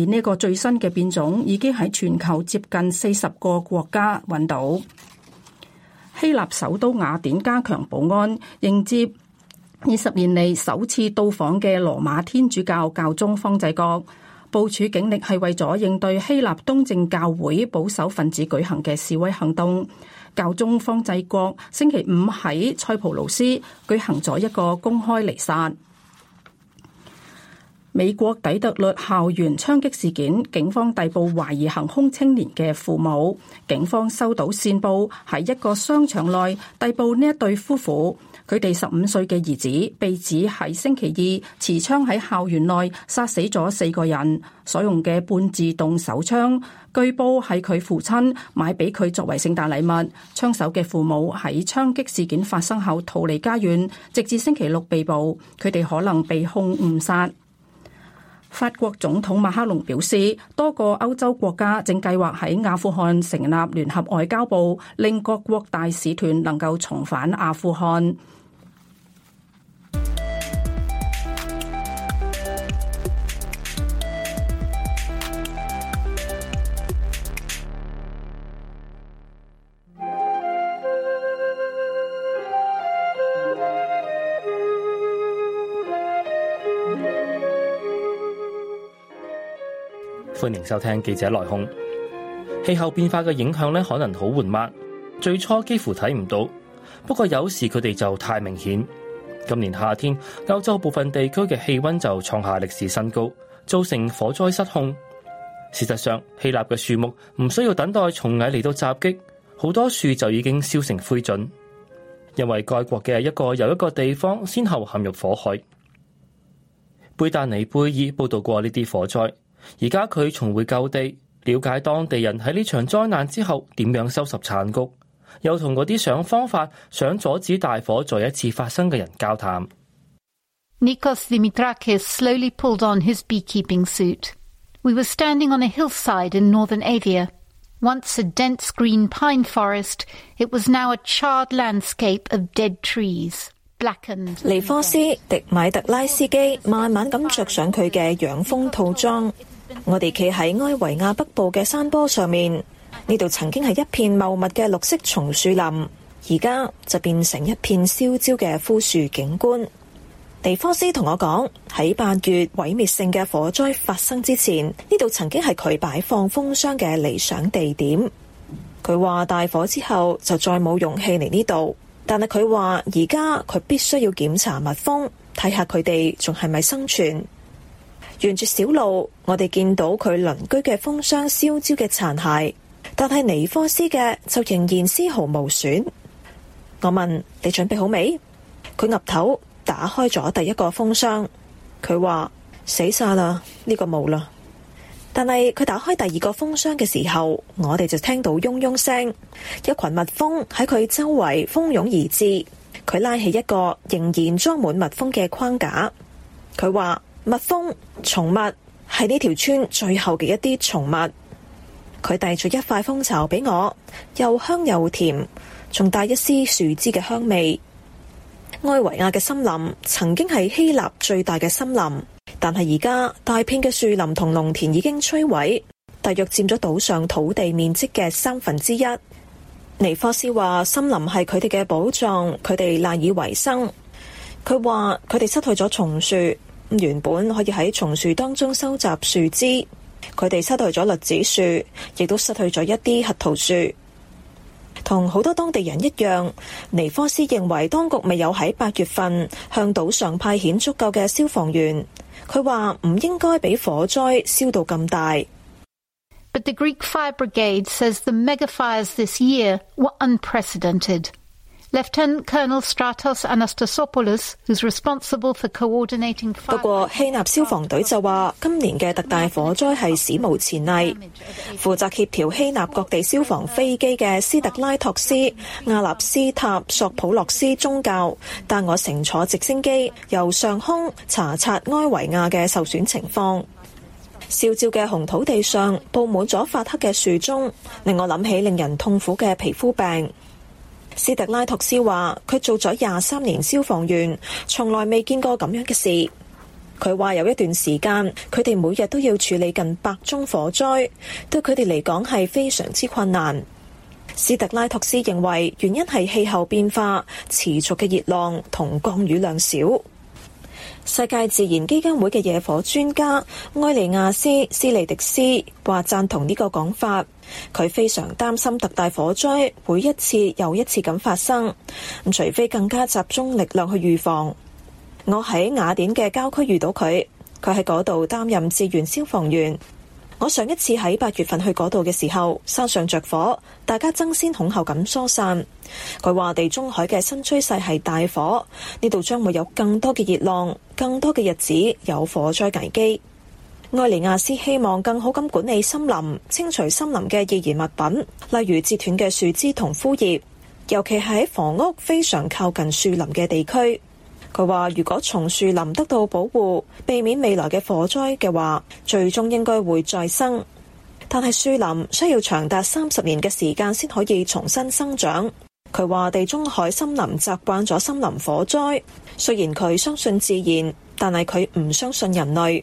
呢一個最新嘅變種已經喺全球接近四十個國家揾到。希臘首都雅典加強保安，迎接二十年嚟首次到訪嘅羅馬天主教教宗方濟各，部署警力係為咗應對希臘東正教會保守分子舉行嘅示威行動。教宗方濟各星期五喺塞浦路斯舉行咗一個公開彌撒。美國底特律校園槍擊事件，警方逮捕懷疑行凶青年嘅父母。警方收到線報喺一個商場內逮捕呢一對夫婦。佢哋十五歲嘅兒子被指喺星期二持槍喺校園內殺死咗四個人，所用嘅半自動手槍據報係佢父親買俾佢作為聖誕禮物。槍手嘅父母喺槍擊事件發生後逃離家園，直至星期六被捕，佢哋可能被控誤殺。法國總統馬克龍表示，多個歐洲國家正計劃喺阿富汗成立聯合外交部，令各國大使團能夠重返阿富汗。收聽記者來鴻。氣候變化嘅影響呢可能好緩慢，最初幾乎睇唔到。不過有時佢哋就太明顯。今年夏天，歐洲部分地區嘅氣溫就創下歷史新高，造成火災失控。事實上，希臘嘅樹木唔需要等待蟲蟻嚟到襲擊，好多樹就已經燒成灰燼。因為該國嘅一個又一個地方先後陷入火海。貝達尼貝爾報道過呢啲火災。而家佢重回舊地，了解當地人喺呢場災難之後點樣收拾殘局，又同嗰啲想方法想阻止大火再一次發生嘅人交談。尼科斯·迪米特拉基斯慢慢咁著上佢嘅養蜂套裝。我們站在一個山坡上，北阿維亞，曾經是一片茂密的松樹林，現在是一片焦黑的死樹。尼科斯·迪米特拉斯基慢慢咁着上佢嘅養蜂套裝。我哋企喺埃維亞北部嘅山坡上面，呢度曾經係一片茂密嘅綠色松樹林，而家就變成一片燒焦嘅枯樹景觀。尼科斯同我講，喺八月毀滅性嘅火災發生之前，呢度曾經係佢擺放蜂箱嘅理想地點。佢話大火之後就再冇勇氣嚟呢度，但係佢話而家佢必須要檢查蜜蜂，睇下佢哋仲係咪生存。沿住小路，我哋見到佢鄰居嘅蜂箱燒焦嘅殘骸，但係尼科斯嘅就仍然絲毫無損。我問你準備好未？佢岌頭打開咗第一個蜂箱，佢話死晒啦，呢個冇啦。但係佢打開第二個蜂箱嘅時候，我哋就聽到嗡嗡聲，一群蜜蜂喺佢周圍蜂擁而至。佢拉起一個仍然裝滿蜜蜂嘅框架，佢話。蜜蜂、松蜜係呢條村最後嘅一啲松蜜。佢遞咗一塊蜂巢俾我，又香又甜，仲帶一絲樹枝嘅香味。埃維亞嘅森林曾經係希臘最大嘅森林，但係而家大片嘅樹林同農田已經摧毀，大約佔咗島上土地面積嘅三分之一。尼科斯話：森林係佢哋嘅寶藏，佢哋賴以為生。佢話佢哋失去咗松樹。原本可以喺松樹當中收集樹枝，佢哋失去咗栗子樹，亦都失去咗一啲核桃樹。同好多當地人一樣，尼科斯認為當局未有喺八月份向島上派遣遣足夠嘅消防員。佢話唔應該俾火災燒到咁大。But the Greek Fire Brigade says the mega fires this year were unprecedented. 不過，希臘消防隊就話，今年嘅特大火災係史無前例。負責協調希臘各地消防飛機嘅斯特拉托斯阿納斯塔索普洛斯中校，帶我乘坐直升機由上空查察埃維亞嘅受損情況。燒焦嘅紅土地上布滿咗發黑嘅樹樁，令我諗起令人痛苦嘅皮膚病。斯特拉托斯話：佢做咗廿三年消防員，從來未見過咁樣嘅事。佢話有一段時間，佢哋每日都要處理近百宗火災，對佢哋嚟講，係非常之困難。斯特拉托斯認為原因係氣候變化持續嘅熱浪同降雨量少。世界自然基金會嘅野火專家埃利亞斯斯利迪斯話贊同呢個講法，佢非常擔心特大火災會一次又一次咁發生，除非更加集中力量去預防。我喺雅典嘅郊區遇到佢，佢喺嗰度擔任志願消防員。我上一次喺八月份去嗰度嘅時候，山上着火，大家爭先恐後咁疏散。佢話地中海嘅新趨勢係大火，呢度將會有更多嘅熱浪，更多嘅日子有火災危機。愛尼亞斯希望更好咁管理森林，清除森林嘅易燃物品，例如折斷嘅樹枝同枯葉，尤其係喺房屋非常靠近樹林嘅地區。佢話：如果松樹林得到保護，避免未來嘅火災嘅話，最終應該會再生。但係樹林需要長達三十年嘅時間先可以重新生長。佢話：地中海森林習慣咗森林火災，雖然佢相信自然，但係佢唔相信人類。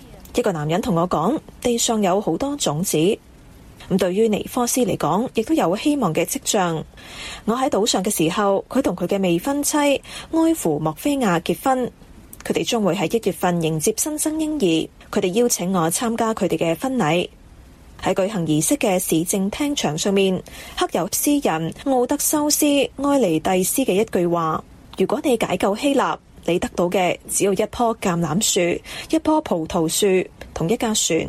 一個男人同我講，地上有好多種子。咁對於尼科斯嚟講，亦都有希望嘅跡象。我喺島上嘅時候，佢同佢嘅未婚妻埃弗莫菲亞結婚，佢哋將會喺一月份迎接新生嬰兒。佢哋邀請我參加佢哋嘅婚禮。喺舉行儀式嘅市政廳場上面，刻有詩人奧德修斯埃尼蒂斯嘅一句話：如果你解救希臘。你得到嘅只要一棵橄欖樹、一棵葡萄樹同一架船，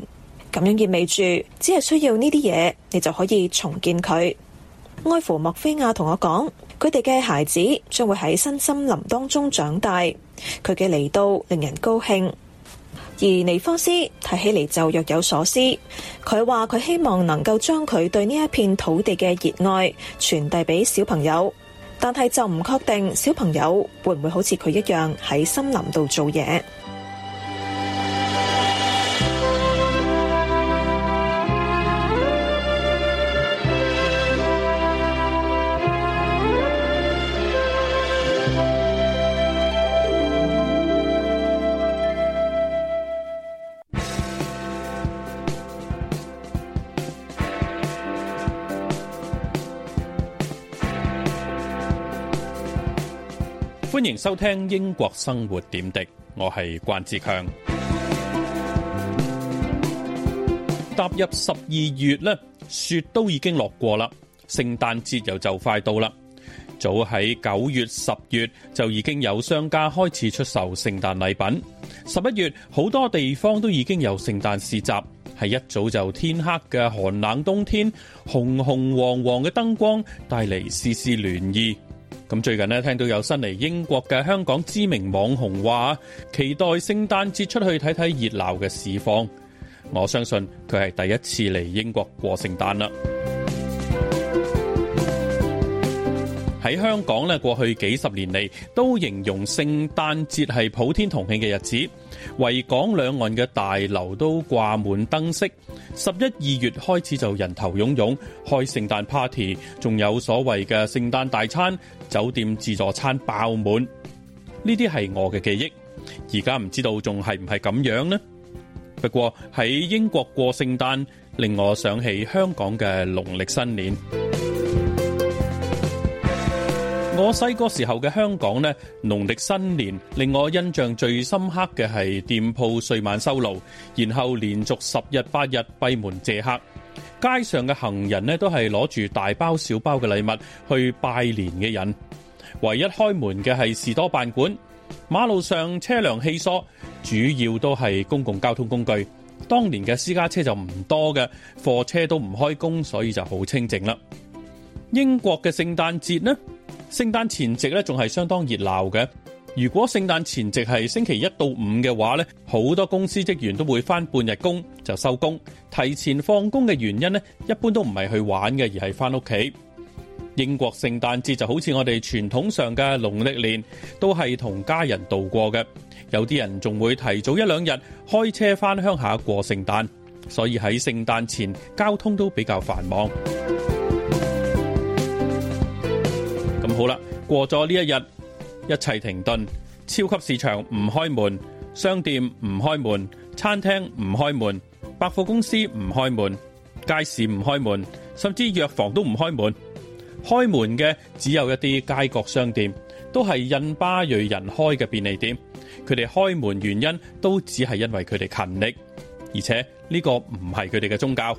咁樣意味住，只係需要呢啲嘢，你就可以重建佢。埃弗莫菲亞同我講，佢哋嘅孩子將會喺新森林當中長大，佢嘅嚟到令人高興。而尼科斯睇起嚟就若有所思，佢話佢希望能夠將佢對呢一片土地嘅熱愛傳遞俾小朋友。但係就唔確定小朋友會唔會好似佢一樣喺森林度做嘢。歡迎收聽英國生活點滴，我係關志強。踏入十二月咧，雪都已經落過啦，聖誕節又就快到啦。早喺九月、十月就已經有商家開始出售聖誕禮品。十一月，好多地方都已經有聖誕市集，係一早就天黑嘅寒冷冬天，紅紅黃黃嘅燈光帶嚟絲絲暖意。咁最近呢，聽到有新嚟英國嘅香港知名網紅話，期待聖誕節出去睇睇熱鬧嘅市況。我相信佢係第一次嚟英國過聖誕啦。喺香港咧，過去幾十年嚟，都形容聖誕節係普天同慶嘅日子，維港兩岸嘅大樓都掛滿燈飾。十一二月開始就人頭湧湧，開聖誕 party，仲有所謂嘅聖誕大餐，酒店自助餐爆滿。呢啲係我嘅記憶，而家唔知道仲係唔係咁樣呢？不過喺英國過聖誕，令我想起香港嘅農曆新年。我細個時候嘅香港呢，農曆新年令我印象最深刻嘅係店鋪歲晚收爐，然後連續十日八日閉門謝客。街上嘅行人呢，都係攞住大包小包嘅禮物去拜年嘅人。唯一開門嘅係士多辦館。馬路上車輛稀疏，主要都係公共交通工具。當年嘅私家車就唔多嘅，貨車都唔開工，所以就好清靜啦。英國嘅聖誕節呢？聖誕前夕咧仲係相當熱鬧嘅。如果聖誕前夕係星期一到五嘅話咧，好多公司職員都會翻半日工就收工，提前放工嘅原因咧，一般都唔係去玩嘅，而係翻屋企。英國聖誕節就好似我哋傳統上嘅農曆年，都係同家人度過嘅。有啲人仲會提早一兩日開車翻鄉下過聖誕，所以喺聖誕前交通都比較繁忙。好啦，過咗呢一日，一切停頓，超級市場唔開門，商店唔開門，餐廳唔開門，百貨公司唔開門，街市唔開門，甚至藥房都唔開門。開門嘅只有一啲街角商店，都係印巴裔人開嘅便利店。佢哋開門原因都只係因為佢哋勤力，而且呢個唔係佢哋嘅宗教，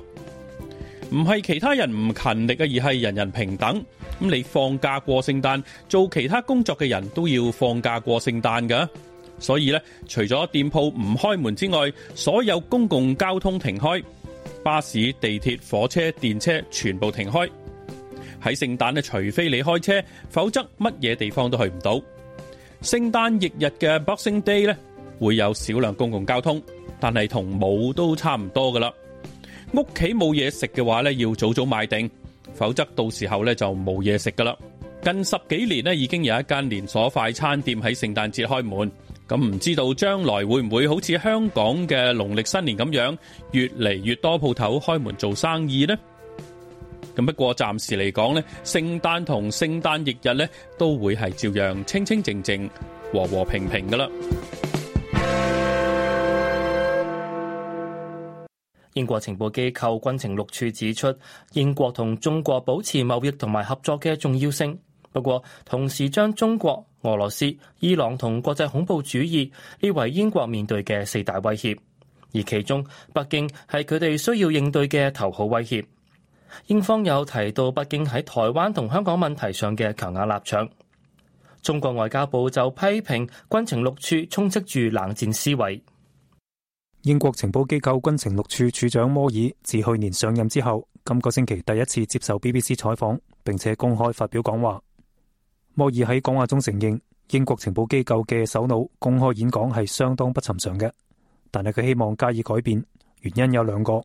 唔係其他人唔勤力啊，而係人人平等。咁你放假過聖誕，做其他工作嘅人都要放假過聖誕噶，所以咧，除咗店鋪唔開門之外，所有公共交通停開，巴士、地鐵、火車、電車全部停開。喺聖誕咧，除非你開車，否則乜嘢地方都去唔到。聖誕翌日嘅 Boxing Day 咧，會有少量公共交通，但係同冇都差唔多噶啦。屋企冇嘢食嘅話咧，要早早買定。否則到時候咧就冇嘢食噶啦。近十幾年咧已經有一間連鎖快餐店喺聖誕節開門，咁唔知道將來會唔會好似香港嘅農曆新年咁樣，越嚟越多鋪頭開門做生意呢？咁不過暫時嚟講呢，聖誕同聖誕翌日咧都會係照樣清清淨淨、和和平平噶啦。英國情報機構軍情六處指出，英國同中國保持貿易同埋合作嘅重要性，不過同時將中國、俄羅斯、伊朗同國際恐怖主義列為英國面對嘅四大威脅，而其中北京係佢哋需要應對嘅頭號威脅。英方有提到北京喺台灣同香港問題上嘅強硬立場。中國外交部就批評軍情六處充斥住冷戰思維。英國情報機構軍情六處處長摩爾自去年上任之後，今個星期第一次接受 BBC 採訪，並且公開發表講話。摩爾喺講話中承認，英國情報機構嘅首腦公開演講係相當不尋常嘅，但係佢希望加以改變。原因有兩個：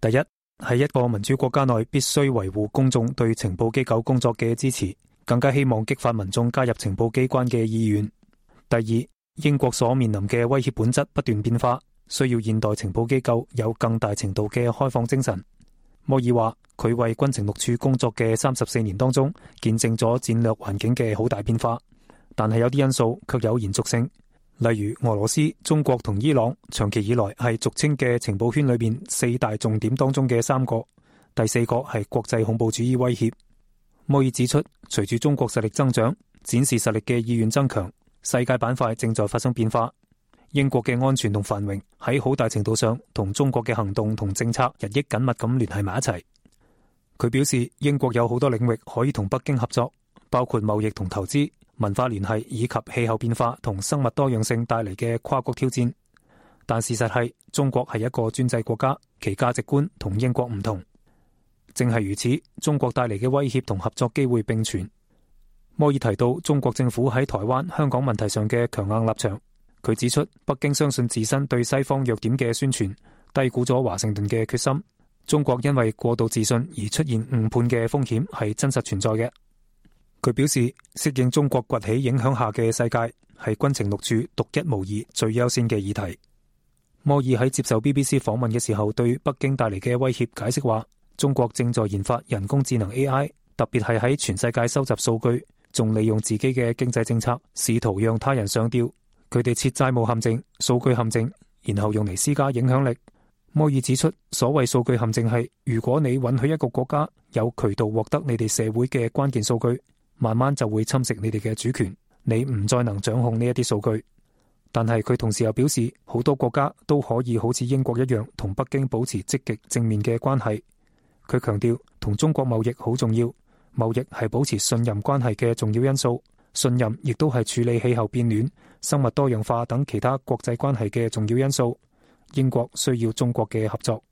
第一，喺一個民主國家內，必須維護公眾對情報機構工作嘅支持，更加希望激發民眾加入情報機關嘅意願；第二，英國所面臨嘅威脅本質不斷變化。需要現代情報機構有更大程度嘅開放精神，摩爾話：佢為軍情六處工作嘅三十四年當中，見證咗戰略環境嘅好大變化。但係有啲因素卻有延續性，例如俄羅斯、中國同伊朗長期以來係俗稱嘅情報圈裏邊四大重點當中嘅三個，第四個係國際恐怖主義威脅。摩爾指出，隨住中國實力增長、展示實力嘅意願增強，世界板塊正在發生變化。英國嘅安全同繁榮喺好大程度上同中國嘅行動同政策日益緊密咁聯繫埋一齊。佢表示，英國有好多領域可以同北京合作，包括貿易同投資、文化聯繫以及氣候變化同生物多樣性帶嚟嘅跨國挑戰。但事實係，中國係一個專制國家，其價值觀同英國唔同。正係如此，中國帶嚟嘅威脅同合作機會並存。摩爾提到，中國政府喺台灣、香港問題上嘅強硬立場。佢指出，北京相信自身對西方弱點嘅宣傳，低估咗華盛頓嘅決心。中國因為過度自信而出現誤判嘅風險係真實存在嘅。佢表示，適應中國崛起影響下嘅世界係軍情六處獨一無二最優先嘅議題。摩爾喺接受 BBC 訪問嘅時候，對北京帶嚟嘅威脅解釋話：中國正在研發人工智能 A.I.，特別係喺全世界收集數據，仲利用自己嘅經濟政策，試圖讓他人上吊。佢哋設債務陷阱、數據陷阱，然後用嚟施加影響力。摩爾指出，所謂數據陷阱係，如果你允許一個國家有渠道獲得你哋社會嘅關鍵數據，慢慢就會侵蝕你哋嘅主權，你唔再能掌控呢一啲數據。但係佢同時又表示，好多國家都可以好似英國一樣，同北京保持積極正面嘅關係。佢強調，同中國貿易好重要，貿易係保持信任關係嘅重要因素，信任亦都係處理氣候變暖，生物多樣化等其他國際關係嘅重要因素，英國需要中國嘅合作。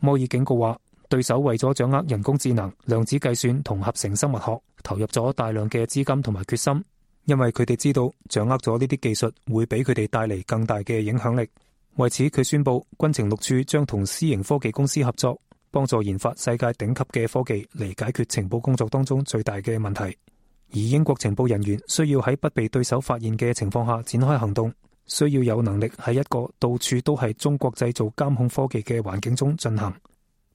摩爾警告話，對手為咗掌握人工智能、量子計算同合成生物學，投入咗大量嘅資金同埋決心，因為佢哋知道掌握咗呢啲技術會俾佢哋帶嚟更大嘅影響力。為此，佢宣布軍情六處將同私營科技公司合作，幫助研發世界頂級嘅科技嚟解決情報工作當中最大嘅問題。而英國情報人員需要喺不被對手發現嘅情況下展開行動，需要有能力喺一個到處都係中國製造監控科技嘅環境中進行。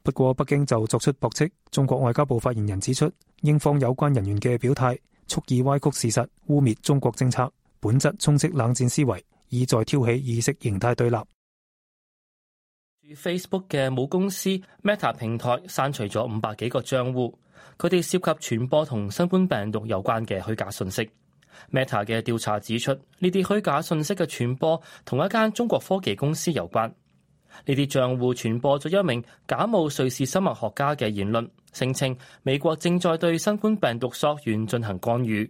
不過，北京就作出駁斥，中國外交部發言人指出，英方有關人員嘅表態蓄意歪曲事實、污蔑中國政策，本質充斥冷戰思維，意在挑起意識形態對立。Facebook 嘅母公司 Meta 平台刪除咗五百幾個帳戶。佢哋涉及傳播同新冠病毒有關嘅虛假信息。Meta 嘅調查指出，呢啲虛假信息嘅傳播同一間中國科技公司有關。呢啲賬戶傳播咗一名假冒瑞士生物學家嘅言論，聲稱美國正在對新冠病毒溯源進行干預。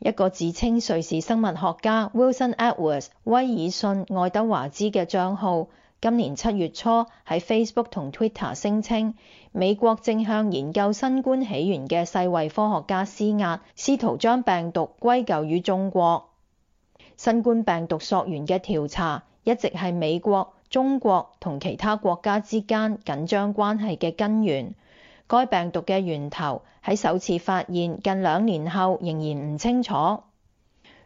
一個自稱瑞士生物學家 Wilson Edwards（ 威爾遜·愛德華茲）嘅賬號，今年七月初喺 Facebook 同 Twitter 聲稱。美國正向研究新冠起源嘅世衛科學家施壓，試圖將病毒歸咎於中國。新冠病毒溯源嘅調查一直係美國、中國同其他國家之間緊張關係嘅根源。該病毒嘅源頭喺首次發現近兩年後仍然唔清楚。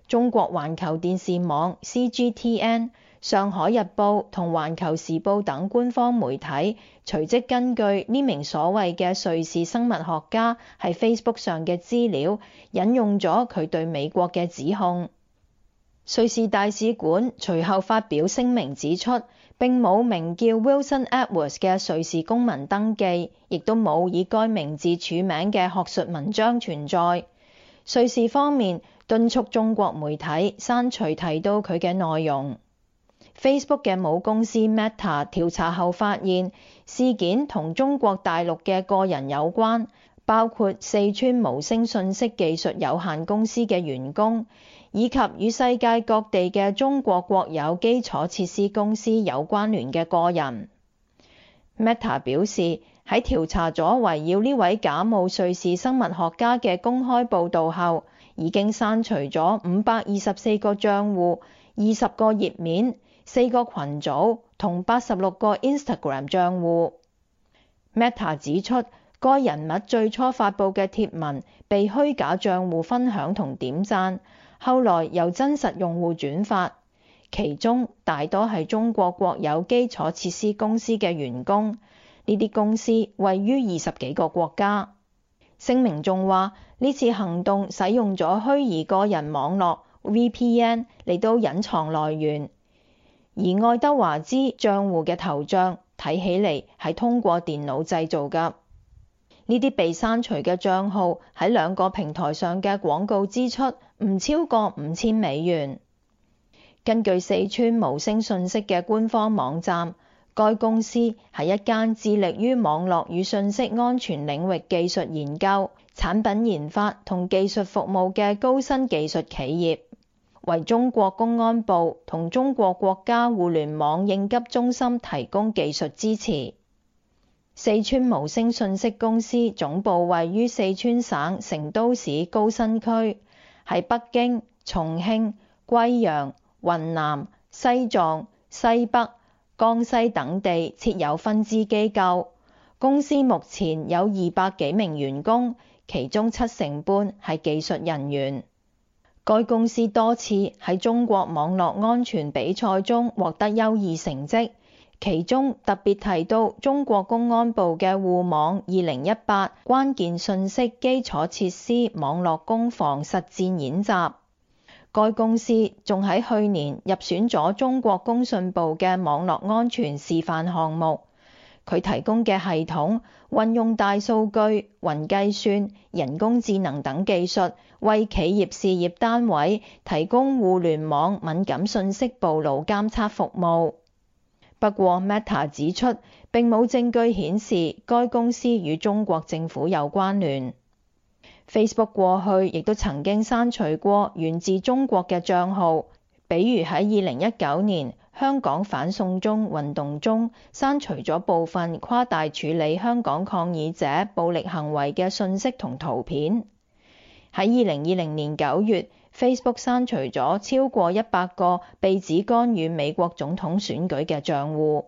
中國環球電視網 CGTN 上海日報同環球時報等官方媒體隨即根據呢名所謂嘅瑞士生物學家喺 Facebook 上嘅資料引用咗佢對美國嘅指控。瑞士大使館隨後發表聲明指出，並冇名叫 Wilson Edwards 嘅瑞士公民登記，亦都冇以該名字署名嘅學術文章存在。瑞士方面敦促中國媒體刪除提到佢嘅內容。Facebook 嘅母公司 Meta 調查後發現，事件同中國大陸嘅個人有關，包括四川無聲信息技術有限公司嘅員工，以及與世界各地嘅中國國有基礎設施公司有關聯嘅個人。Meta 表示，喺調查咗圍繞呢位假冒瑞士生物學家嘅公開報道後，已經刪除咗五百二十四個賬戶、二十個頁面，四個群組同八十六個 Instagram 賬戶，Meta 指出，該人物最初發布嘅貼文被虛假賬戶分享同點讚，後來由真實用戶轉發，其中大多係中國國有基礎設施公司嘅員工。呢啲公司位於二十幾個國家。聲明仲話，呢次行動使用咗虛擬個人網絡 VPN 嚟到隱藏來源。而愛德華茲賬戶嘅頭像睇起嚟係通過電腦製造㗎。呢啲被刪除嘅賬號喺兩個平台上嘅廣告支出唔超過五千美元。根據四川無聲信息嘅官方網站，該公司係一間致力於網絡與信息安全領域技術研究、產品研發同技術服務嘅高新技術企業。為中國公安部同中國國家互聯網應急中心提供技術支持。四川無聲信息公司總部位於四川省成都市高新區，喺北京、重慶、貴陽、雲南、西藏、西北、江西等地設有分支機構。公司目前有二百幾名員工，其中七成半係技術人員。該公司多次喺中國網絡安全比賽中獲得優異成績，其中特別提到中國公安部嘅護網「二零一八關鍵信息基礎設施網絡攻防實戰演習。該公司仲喺去年入選咗中國工信部嘅網絡安全示範項目。佢提供嘅系統運用大數據、雲計算、人工智能等技術，為企業事業單位提供互聯網敏感信息暴露監測服務。不過，Meta 指出並冇證據顯示該公司與中國政府有關聯。Facebook 過去亦都曾經刪除過源自中國嘅帳號，比如喺二零一九年，香港反送中運動中，刪除咗部分誇大處理香港抗議者暴力行為嘅信息同圖片。喺二零二零年九月，Facebook 刪除咗超過一百個被指干預美國總統選舉嘅帳戶。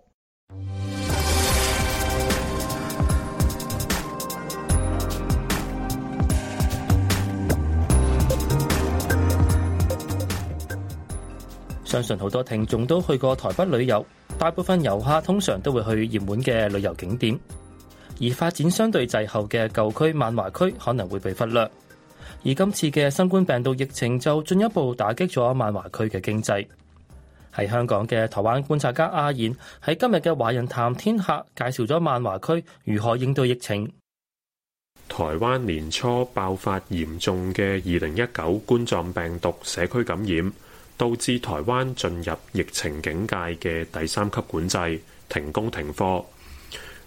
相信好多聽眾都去過台北旅遊，大部分遊客通常都會去熱門嘅旅遊景點，而發展相對滯後嘅舊區萬華區可能會被忽略。而今次嘅新冠病毒疫情就進一步打擊咗萬華區嘅經濟。喺香港嘅台灣觀察家阿燕喺今日嘅華人談天下介紹咗萬華區如何應對疫情。台灣年初爆發嚴重嘅二零一九冠狀病毒社區感染。導致台灣進入疫情警戒嘅第三級管制，停工停課。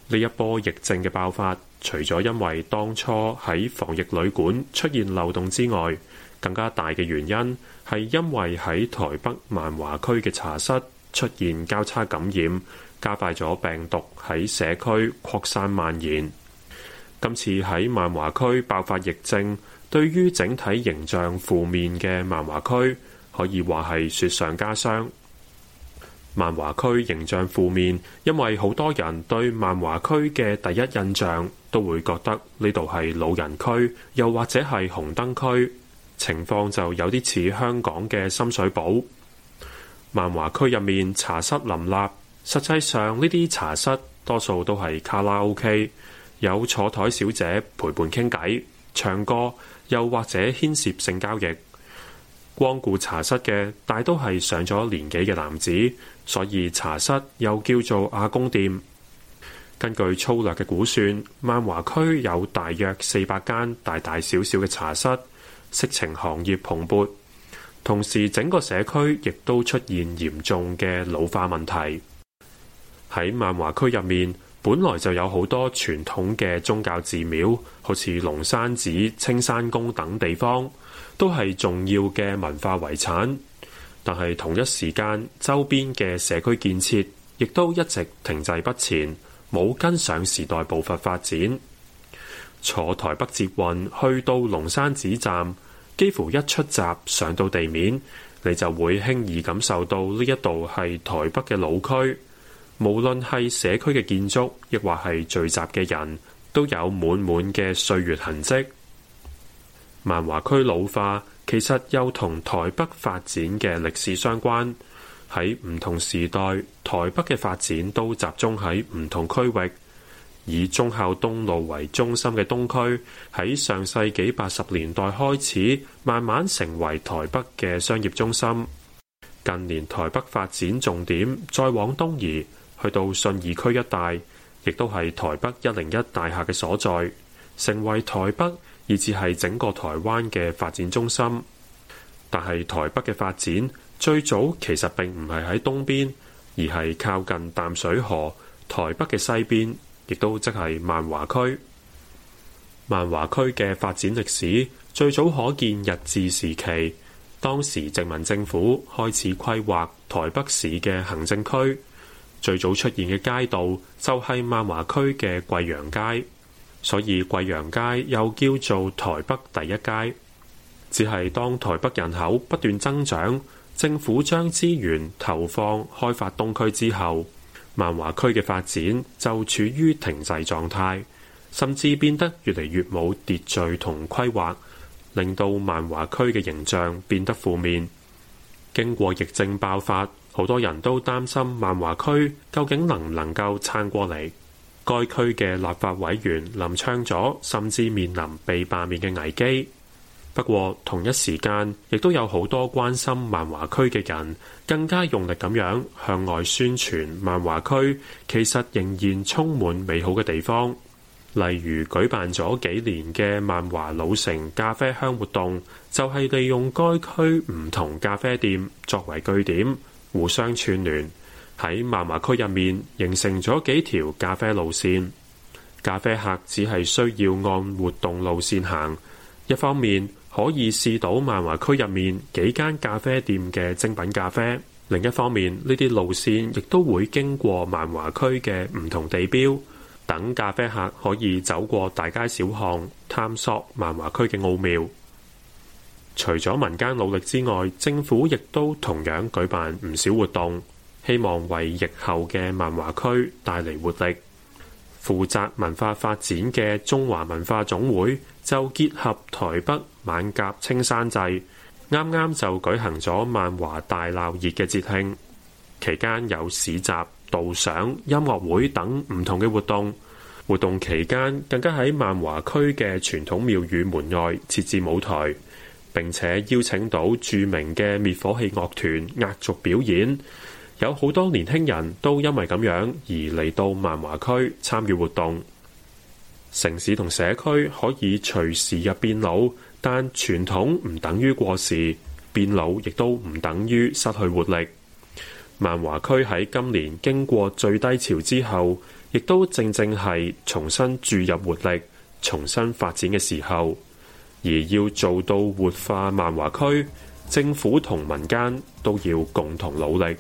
呢一波疫症嘅爆發，除咗因為當初喺防疫旅館出現漏洞之外，更加大嘅原因係因為喺台北萬華區嘅茶室出現交叉感染，加快咗病毒喺社區擴散蔓延。今次喺萬華區爆發疫症，對於整體形象負面嘅萬華區，可以話係雪上加霜。萬華區形象負面，因為好多人對萬華區嘅第一印象都會覺得呢度係老人區，又或者係紅燈區。情況就有啲似香港嘅深水埗。萬華區入面茶室林立，實際上呢啲茶室多數都係卡拉 OK，有坐台小姐陪伴傾偈、唱歌，又或者牽涉性交易。光顧茶室嘅大都係上咗年紀嘅男子，所以茶室又叫做阿公店。根據粗略嘅估算，萬華區有大約四百間大大小小嘅茶室，色情行業蓬勃，同時整個社區亦都出現嚴重嘅老化問題。喺萬華區入面，本來就有好多傳統嘅宗教寺廟，好似龍山寺、青山宮等地方，都係重要嘅文化遺產，但係同一時間，周邊嘅社區建設亦都一直停滯不前，冇跟上時代步伐發展。坐台北捷運去到龍山寺站，幾乎一出閘上到地面，你就會輕易感受到呢一度係台北嘅老區。無論係社區嘅建築，亦或係聚集嘅人，都有滿滿嘅歲月痕迹。萬華區老化其實又同台北發展嘅歷史相關。喺唔同時代，台北嘅發展都集中喺唔同區域，以忠孝東路為中心嘅東區喺上世紀八十年代開始慢慢成為台北嘅商業中心。近年台北發展重點再往東移，去到信義區一帶，亦都係台北一零一大廈嘅所在，成為台北，以至係整個台灣嘅發展中心，但係台北嘅發展最早其實並唔係喺東邊，而係靠近淡水河，台北嘅西邊，亦都即係萬華區。萬華區嘅發展歷史最早可見日治時期，當時殖民政府開始規劃台北市嘅行政區，最早出現嘅街道就係萬華區嘅貴陽街。所以，貴陽街又叫做台北第一街。只係當台北人口不斷增長，政府將資源投放開發東區之後，萬華區嘅發展就處於停滯狀態，甚至變得越嚟越冇秩序同規劃，令到萬華區嘅形象變得負面。經過疫症爆發，好多人都擔心萬華區究竟能唔能夠撐過嚟。該區嘅立法委員林昶佐，甚至面臨被罷免嘅危機。不過同一時間，亦都有好多關心萬華區嘅人，更加用力咁樣向外宣傳萬華區其實仍然充滿美好嘅地方。例如舉辦咗幾年嘅萬華老城咖啡香活動，就係、是、利用該區唔同咖啡店作為據點，互相串聯。喺萬華區入面形成咗幾條咖啡路線，咖啡客只係需要按活動路線行。一方面可以試到萬華區入面幾間咖啡店嘅精品咖啡；另一方面呢啲路線亦都會經過萬華區嘅唔同地標，等咖啡客可以走過大街小巷，探索萬華區嘅奧妙。除咗民間努力之外，政府亦都同樣舉辦唔少活動。希望為疫後嘅萬華區帶嚟活力。負責文化發展嘅中華文化總會就結合台北晚甲青山祭，啱啱就舉行咗萬華大鬧熱嘅節慶。期間有市集、導賞、音樂會等唔同嘅活動。活動期間更加喺萬華區嘅傳統廟宇門外設置舞台，並且邀請到著名嘅滅火器樂團壓軸表演。有好多年輕人都因為咁樣而嚟到萬華區參與活動。城市同社區可以隨時入變老，但傳統唔等於過時，變老亦都唔等於失去活力。萬華區喺今年經過最低潮之後，亦都正正係重新注入活力，重新發展嘅時候。而要做到活化萬華區，政府同民間都要共同努力。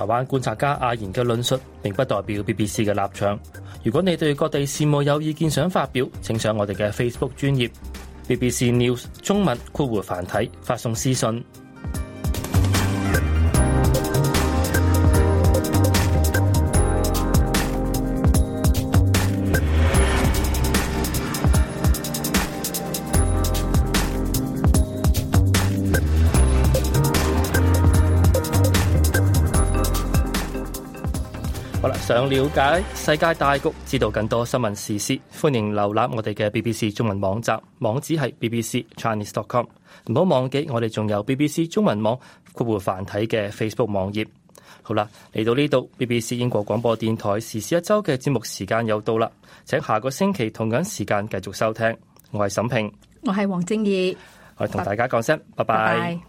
台灣觀察家阿賢嘅論述，並不代表 BBC 嘅立場。如果你對各地事務有意見想發表，請上我哋嘅 Facebook 專頁 BBC News 中文，括弧繁體，發送私信。了解世界大局，知道更多新聞時事，歡迎瀏覽我哋嘅 BBC 中文網站，網址係 BBC Chinese dot com。唔好忘記我哋仲有 BBC 中文網括弧繁體嘅 Facebook 網頁。好啦，嚟到呢度，BBC 英國廣播電台時事一周嘅節目時間又到啦，請下個星期同樣時間繼續收聽。我係沈平，我係黃正義，我哋同大家講聲，拜拜。